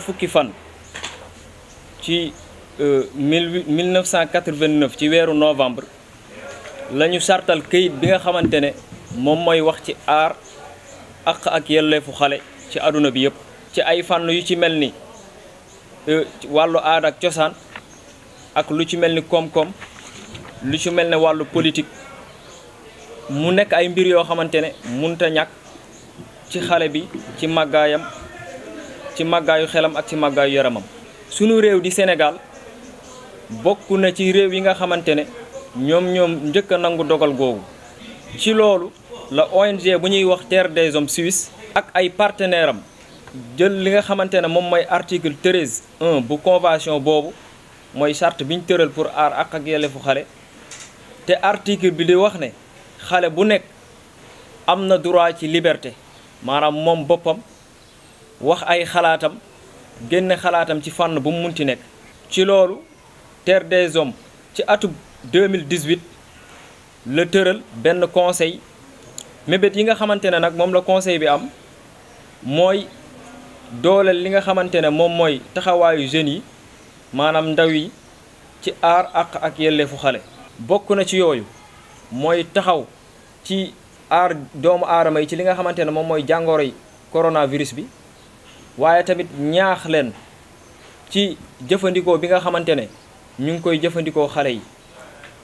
fukki fan ci euh, mille mille neuf cent quatre-vingt-neuf ci weeru novembre lañu ñu sartal këyit bi nga xamante ne moom mooy wax ci aar àq ak yelleefu xale ci àdduna bi yëpp ci ay fànn yu ci mel ni euh, wàllu aada ak cosaan ak lu ci mel ni koom-koom lu ci mel ni wàllu politique mu nekk ay mbir yoo xamante ne munta ñakk ci xale bi ci màggaayam ci màggaayu xelam ak ci màggaayu yaramam sunu réew di Sénégal bokk na ci réew yi nga xamante ne ñoom ñoom njëkk a nangu dogal googu ci loolu la ONG bu ñuy wax Terre des Hommes Suisse ak ay partenaire am jël li nga xamante ne moom mooy article 13 bu convention boobu mooy charte bi ñu tëral pour aar ak ak yelleefu xale te article bi di wax ne xale bu nekk am na droit ci liberté maanaam moom boppam wax ay xalaatam génne xalaatam ci fànn bu mu munti nekk ci loolu ter des hommes ci atub 2018 la tëral benn conseil mébét yi nga xamante ne nag moom la conseil bi am mooy dooleel li nga xamante ne moom mooy taxawaayu jeunes yi maanaam ndaw yi ci aar àq ak yelleefu xale bokk na ci yooyu mooy taxaw ci aar doomu aadama yi ci li nga xamante ne moom mooy jàngoro yi coronavirus bi waaye tamit ñaax leen ci jëfandikoo bi nga xamante ne ñu ngi koy jëfandikoo xale yi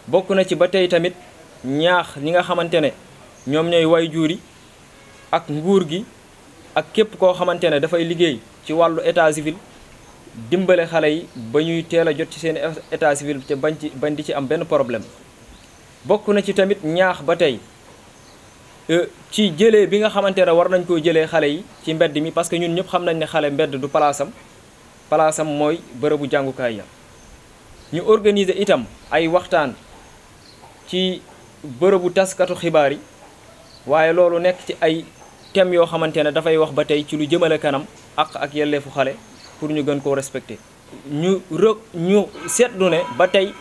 bokk na ci ba tey tamit ñaax ñi nga xamante ne ñoom ñooy waajur yi ak nguur gi ak képp koo xamante ne dafay liggéey ci wàllu état civil dimbale xale yi ba ñuy teel a jot ci seen état civil bañ ci bañ di ci am benn problème bokk na ci tamit ñaax ba tey Euh, ci jële bi nga xamante ne war nañ koo jëlee xale yi ci mbedd mi parce que ñun ñëpp xam nañ ne xale mbedd du palaasam palaasam mooy bërëbu jàngukaay ya ñu organiser itam ay waxtaan ci bërëbu taskatu xibaar yi waaye loolu nekk ci ay thèmes yoo xamante ne dafay wax ba tey ci lu jëmale kanam ak ak yelleefu xale pour ñu gën koo respecter. ñu rë ñu seetlu ne ba tey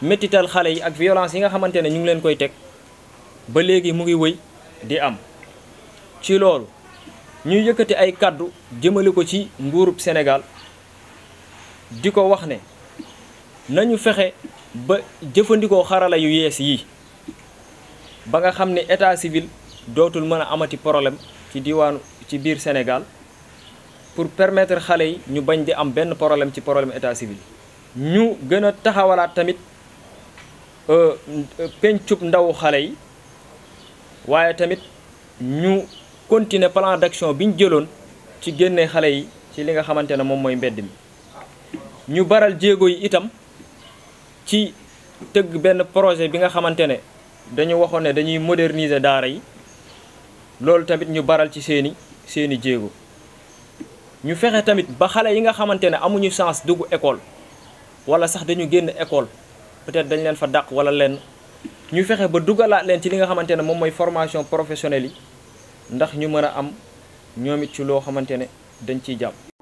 métital xale yi ak violence yi nga xamante ne ñu ngi leen koy teg ba léegi mu ngi wëy. di am ci loolu ñu yëkkati ay kàddu jëmale ko ci nguurub senegal di ko wax ne nañu fexe ba jëfandikoo xarala yu yees yi ba nga xam ne état civil dootul mën a amati problème ci diwaanu ci biir Sénégal pour permettre xale yi ñu bañ di am benn problème ci poroblème état civil ñu gën a taxawalaat tamit euh, euh, pencub ndawu xale yi waaye tamit ñu continuer plan d'action bi ñu jëloon ci génne xale yi ci li nga xamante ne moom mooy mbedd mi ñu baral jéego yi itam ci tëgg benn projet bi nga xamante ne dañu waxoon ne dañuy moderniser daara yi loolu tamit ñu baral ci seeni seeni jéego ñu fexe tamit ba xale yi nga xamante ne amuñu chance dugg école wala sax dañu génn école peut-être dañ leen fa dàq wala leen ñu fexe ba dugalaat leen ci li nga xamante ne moom mooy formation professionnelle yi ndax ñu mën a am ñoom it ci loo xamante ne dañ ciy jàpp